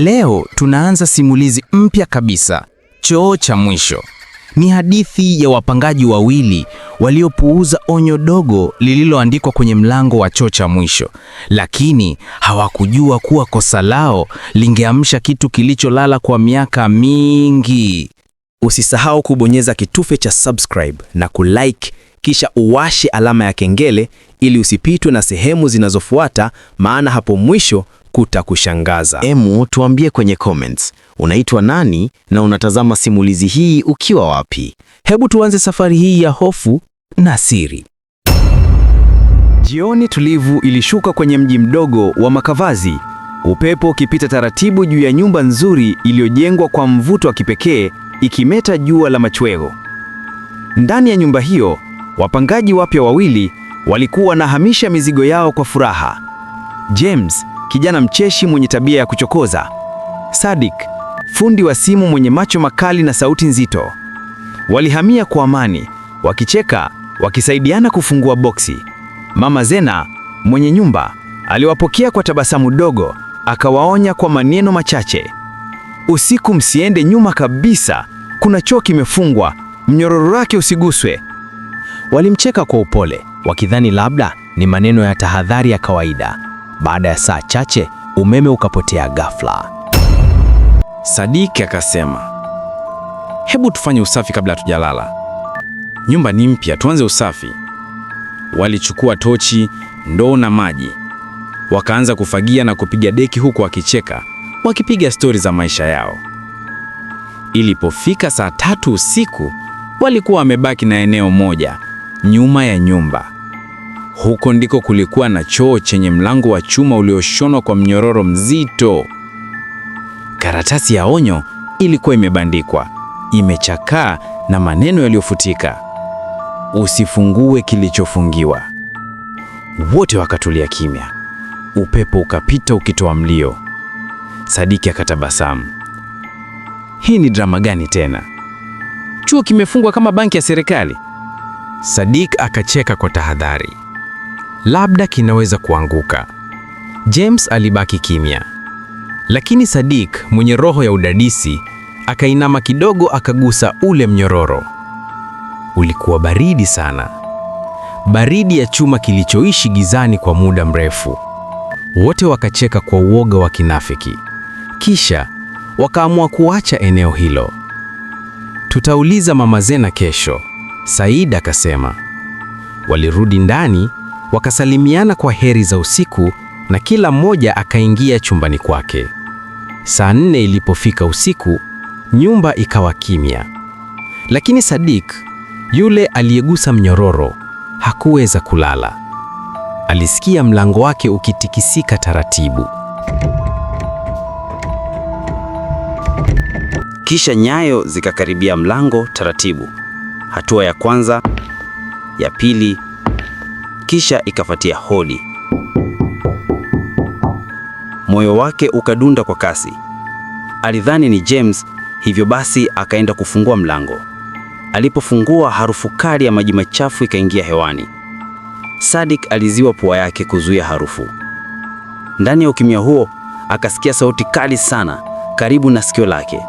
Leo tunaanza simulizi mpya kabisa, Choo cha Mwisho. Ni hadithi ya wapangaji wawili waliopuuza onyo dogo lililoandikwa kwenye mlango wa choo cha mwisho, lakini hawakujua kuwa kosa lao lingeamsha kitu kilicholala kwa miaka mingi. Usisahau kubonyeza kitufe cha subscribe na kulike, kisha uwashe alama ya kengele ili usipitwe na sehemu zinazofuata, maana hapo mwisho kutakushangaza. Emu, tuambie kwenye comments unaitwa nani na unatazama simulizi hii ukiwa wapi? Hebu tuanze safari hii ya hofu na siri. Jioni tulivu ilishuka kwenye mji mdogo wa Makavazi, upepo ukipita taratibu juu ya nyumba nzuri iliyojengwa kwa mvuto wa kipekee ikimeta jua la machweo. Ndani ya nyumba hiyo, wapangaji wapya wawili walikuwa wanahamisha mizigo yao kwa furaha. James kijana mcheshi mwenye tabia ya kuchokoza; Sadik, fundi wa simu mwenye macho makali na sauti nzito. Walihamia kwa amani, wakicheka, wakisaidiana kufungua boksi. Mama Zena mwenye nyumba aliwapokea kwa tabasamu dogo, akawaonya kwa maneno machache: usiku msiende nyuma kabisa, kuna choo kimefungwa, mnyororo wake usiguswe. Walimcheka kwa upole, wakidhani labda ni maneno ya tahadhari ya kawaida. Baada ya saa chache umeme ukapotea ghafla. Sadiki akasema, hebu tufanye usafi kabla hatujalala. Nyumba ni mpya, tuanze usafi. Walichukua tochi, ndoo na maji, wakaanza kufagia na kupiga deki, huku wakicheka, wakipiga stori za maisha yao. Ilipofika saa tatu usiku, walikuwa wamebaki na eneo moja nyuma ya nyumba. Huko ndiko kulikuwa na choo chenye mlango wa chuma ulioshonwa kwa mnyororo mzito. Karatasi ya onyo ilikuwa imebandikwa, imechakaa na maneno yaliyofutika, usifungue kilichofungiwa. Wote wakatulia kimya. Upepo ukapita ukitoa mlio. Sadiki akatabasamu. Hii ni drama gani tena? Chuo kimefungwa kama banki ya serikali? Sadik akacheka kwa tahadhari labda kinaweza kuanguka. James alibaki kimya, lakini Sadik mwenye roho ya udadisi akainama kidogo, akagusa ule mnyororo. Ulikuwa baridi sana, baridi ya chuma kilichoishi gizani kwa muda mrefu. Wote wakacheka kwa uoga wa kinafiki, kisha wakaamua kuacha eneo hilo. Tutauliza Mama Zena kesho, Said akasema. Walirudi ndani Wakasalimiana kwa heri za usiku na kila mmoja akaingia chumbani kwake. Saa nne ilipofika usiku, nyumba ikawa kimya, lakini Sadik yule aliyegusa mnyororo hakuweza kulala. Alisikia mlango wake ukitikisika taratibu, kisha nyayo zikakaribia mlango taratibu, hatua ya kwanza, ya pili kisha ikafuatia hodi. Moyo wake ukadunda kwa kasi. Alidhani ni James, hivyo basi akaenda kufungua mlango. Alipofungua, harufu kali ya maji machafu ikaingia hewani. Sadik aliziwa pua yake kuzuia harufu. Ndani ya ukimya huo akasikia sauti kali sana karibu na sikio lake.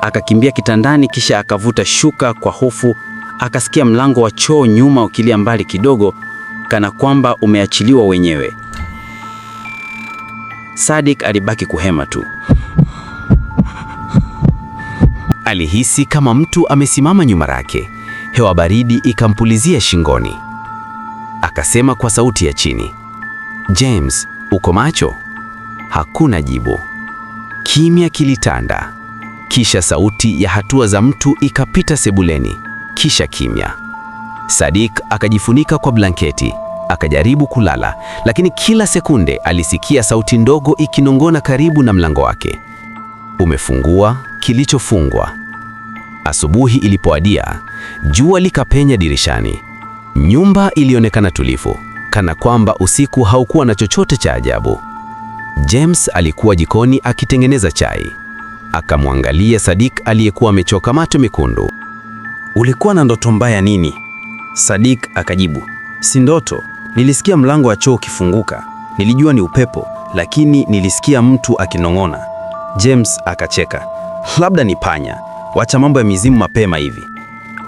Akakimbia kitandani, kisha akavuta shuka kwa hofu, akasikia mlango wa choo nyuma ukilia mbali kidogo, kana kwamba umeachiliwa wenyewe. Sadik alibaki kuhema tu. Alihisi kama mtu amesimama nyuma yake, hewa baridi ikampulizia shingoni. Akasema kwa sauti ya chini, James, uko macho? Hakuna jibu. Kimya kilitanda, kisha sauti ya hatua za mtu ikapita sebuleni kisha kimya. Sadik akajifunika kwa blanketi akajaribu kulala, lakini kila sekunde alisikia sauti ndogo ikinongona karibu na mlango wake, umefungua kilichofungwa. Asubuhi ilipoadia, jua likapenya dirishani. Nyumba ilionekana tulivu, kana kwamba usiku haukuwa na chochote cha ajabu. James alikuwa jikoni akitengeneza chai, akamwangalia Sadik aliyekuwa amechoka macho mekundu ulikuwa na ndoto mbaya nini? Sadik akajibu, si ndoto, nilisikia mlango wa choo ukifunguka. Nilijua ni upepo, lakini nilisikia mtu akinong'ona. James akacheka, labda ni panya, wacha mambo ya mizimu mapema hivi.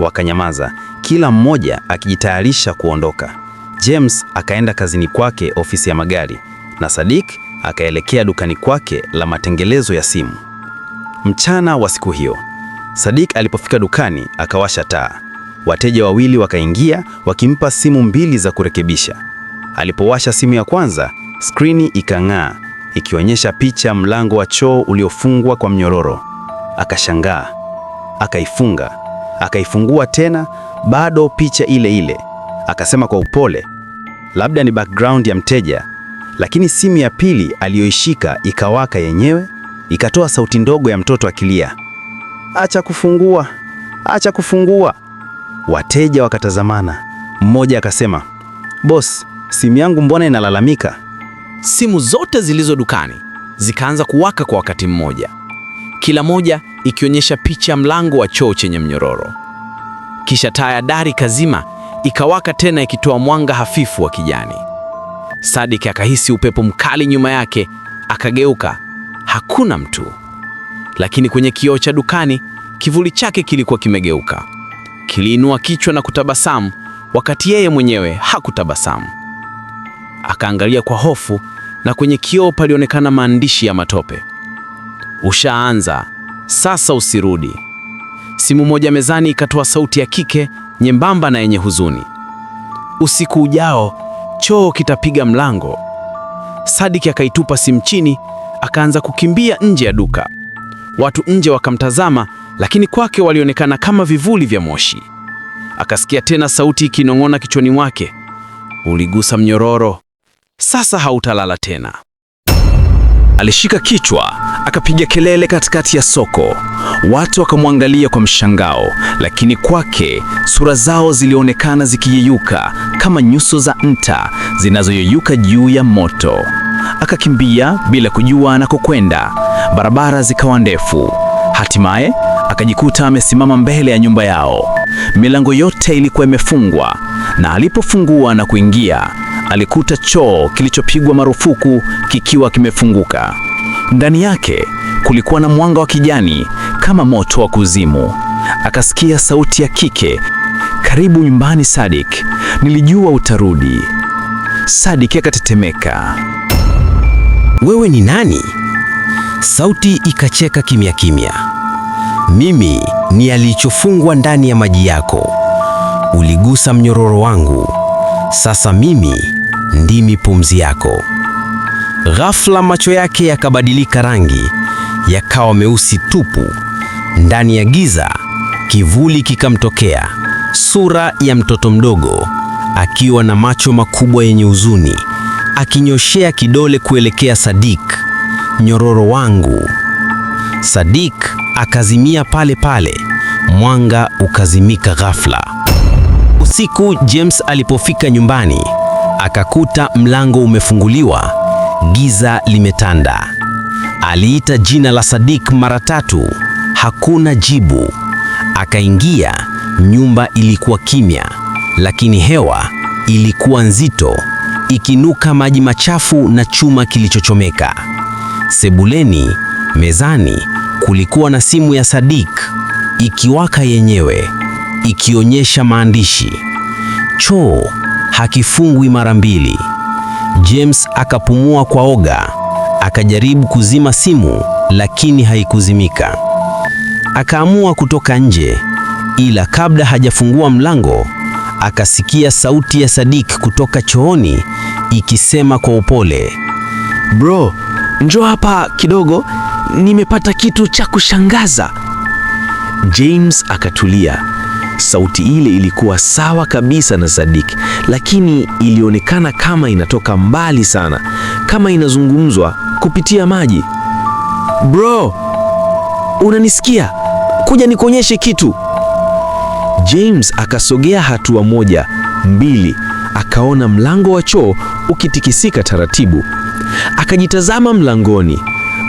Wakanyamaza, kila mmoja akijitayarisha kuondoka. James akaenda kazini kwake ofisi ya magari na Sadik akaelekea dukani kwake la matengenezo ya simu. Mchana wa siku hiyo Sadik alipofika dukani akawasha taa. Wateja wawili wakaingia wakimpa simu mbili za kurekebisha. Alipowasha simu ya kwanza, skrini ikang'aa ikionyesha picha mlango wa choo uliofungwa kwa mnyororo. Akashangaa, akaifunga, akaifungua tena, bado picha ile ile. Akasema kwa upole, labda ni background ya mteja. Lakini simu ya pili aliyoishika ikawaka yenyewe, ikatoa sauti ndogo ya mtoto akilia acha kufungua, acha kufungua. Wateja wakatazamana, mmoja akasema, boss, simu yangu mbona inalalamika? Simu zote zilizo dukani zikaanza kuwaka kwa wakati mmoja, kila moja ikionyesha picha ya mlango wa choo chenye mnyororo. Kisha taa ya dari kazima ikawaka tena, ikitoa mwanga hafifu wa kijani. Sadik akahisi upepo mkali nyuma yake, akageuka. Hakuna mtu lakini kwenye kioo cha dukani kivuli chake kilikuwa kimegeuka. Kiliinua kichwa na kutabasamu, wakati yeye mwenyewe hakutabasamu. Akaangalia kwa hofu, na kwenye kioo palionekana maandishi ya matope: ushaanza sasa, usirudi. Simu moja mezani ikatoa sauti ya kike nyembamba na yenye huzuni, usiku ujao choo kitapiga mlango. Sadiki akaitupa simu chini, akaanza kukimbia nje ya duka. Watu nje wakamtazama, lakini kwake walionekana kama vivuli vya moshi. Akasikia tena sauti ikinong'ona kichwani mwake, uligusa mnyororo, sasa hautalala tena. Alishika kichwa akapiga kelele katikati ya soko. Watu wakamwangalia kwa mshangao, lakini kwake sura zao zilionekana zikiyeyuka kama nyuso za nta zinazoyeyuka juu ya moto. Akakimbia bila kujua anakokwenda. Barabara zikawa ndefu. Hatimaye akajikuta amesimama mbele ya nyumba yao. Milango yote ilikuwa imefungwa, na alipofungua na kuingia, alikuta choo kilichopigwa marufuku kikiwa kimefunguka. Ndani yake kulikuwa na mwanga wa kijani kama moto wa kuzimu. Akasikia sauti ya kike, karibu nyumbani Sadik, nilijua utarudi. Sadik akatetemeka wewe ni nani? Sauti ikacheka kimya kimya. Mimi ni alichofungwa ndani ya maji yako. Uligusa mnyororo wangu. Sasa mimi ndimi pumzi yako. Ghafla macho yake yakabadilika rangi, yakawa meusi tupu. Ndani ya giza kivuli kikamtokea, sura ya mtoto mdogo akiwa na macho makubwa yenye huzuni akinyoshea kidole kuelekea Sadik, nyororo wangu. Sadik akazimia pale pale, mwanga ukazimika ghafla. Usiku James alipofika nyumbani, akakuta mlango umefunguliwa, giza limetanda. Aliita jina la Sadik mara tatu, hakuna jibu. Akaingia, nyumba ilikuwa kimya, lakini hewa ilikuwa nzito ikinuka maji machafu na chuma kilichochomeka. Sebuleni, mezani, kulikuwa na simu ya Sadik ikiwaka yenyewe, ikionyesha maandishi: choo hakifungwi mara mbili. James akapumua kwa oga, akajaribu kuzima simu lakini haikuzimika. Akaamua kutoka nje, ila kabla hajafungua mlango akasikia sauti ya Sadik kutoka chooni ikisema kwa upole, bro, njoo hapa kidogo, nimepata kitu cha kushangaza. James akatulia. Sauti ile ilikuwa sawa kabisa na Sadik, lakini ilionekana kama inatoka mbali sana, kama inazungumzwa kupitia maji. Bro, unanisikia? Kuja nikuonyeshe kitu. James akasogea hatua moja, mbili, akaona mlango wa choo ukitikisika taratibu. Akajitazama mlangoni,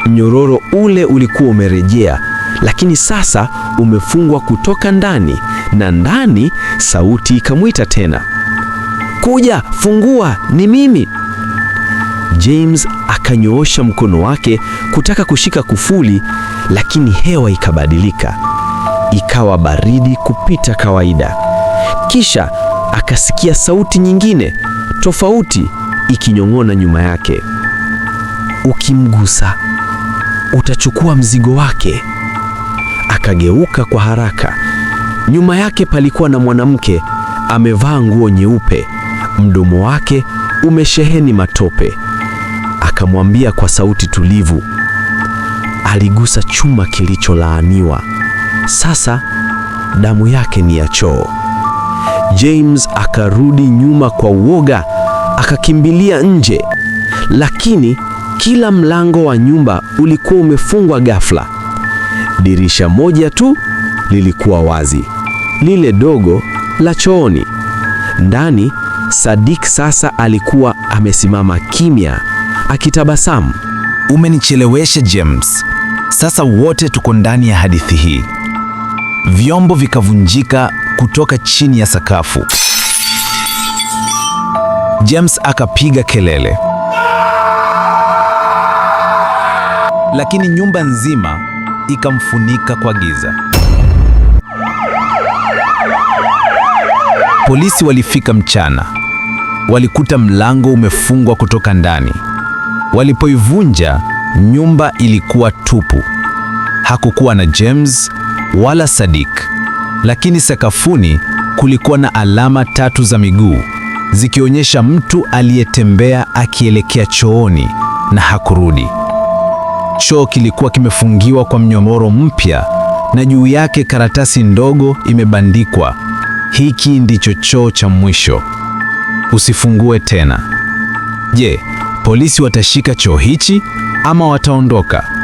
mnyororo ule ulikuwa umerejea, lakini sasa umefungwa kutoka ndani, na ndani sauti ikamwita tena, kuja, fungua, ni mimi. James akanyoosha mkono wake kutaka kushika kufuli, lakini hewa ikabadilika, ikawa baridi kupita kawaida. Kisha akasikia sauti nyingine tofauti ikinyong'ona nyuma yake, ukimgusa utachukua mzigo wake. Akageuka kwa haraka. Nyuma yake palikuwa na mwanamke amevaa nguo nyeupe, mdomo wake umesheheni matope. Akamwambia kwa sauti tulivu, aligusa chuma kilicholaaniwa. Sasa damu yake ni ya choo. James akarudi nyuma kwa uoga, akakimbilia nje, lakini kila mlango wa nyumba ulikuwa umefungwa ghafla. Dirisha moja tu lilikuwa wazi, lile dogo la chooni. Ndani Sadik sasa alikuwa amesimama kimya, akitabasamu. Umenichelewesha James, sasa wote tuko ndani ya hadithi hii. Vyombo vikavunjika, kutoka chini ya sakafu. James akapiga kelele, lakini nyumba nzima ikamfunika kwa giza. Polisi walifika mchana, walikuta mlango umefungwa kutoka ndani. Walipoivunja, nyumba ilikuwa tupu. Hakukuwa na James wala Sadik lakini sakafuni kulikuwa na alama tatu za miguu zikionyesha mtu aliyetembea akielekea chooni na hakurudi. Choo kilikuwa kimefungiwa kwa mnyomoro mpya na juu yake karatasi ndogo imebandikwa, hiki ndicho choo cha mwisho, usifungue tena. Je, polisi watashika choo hichi ama wataondoka?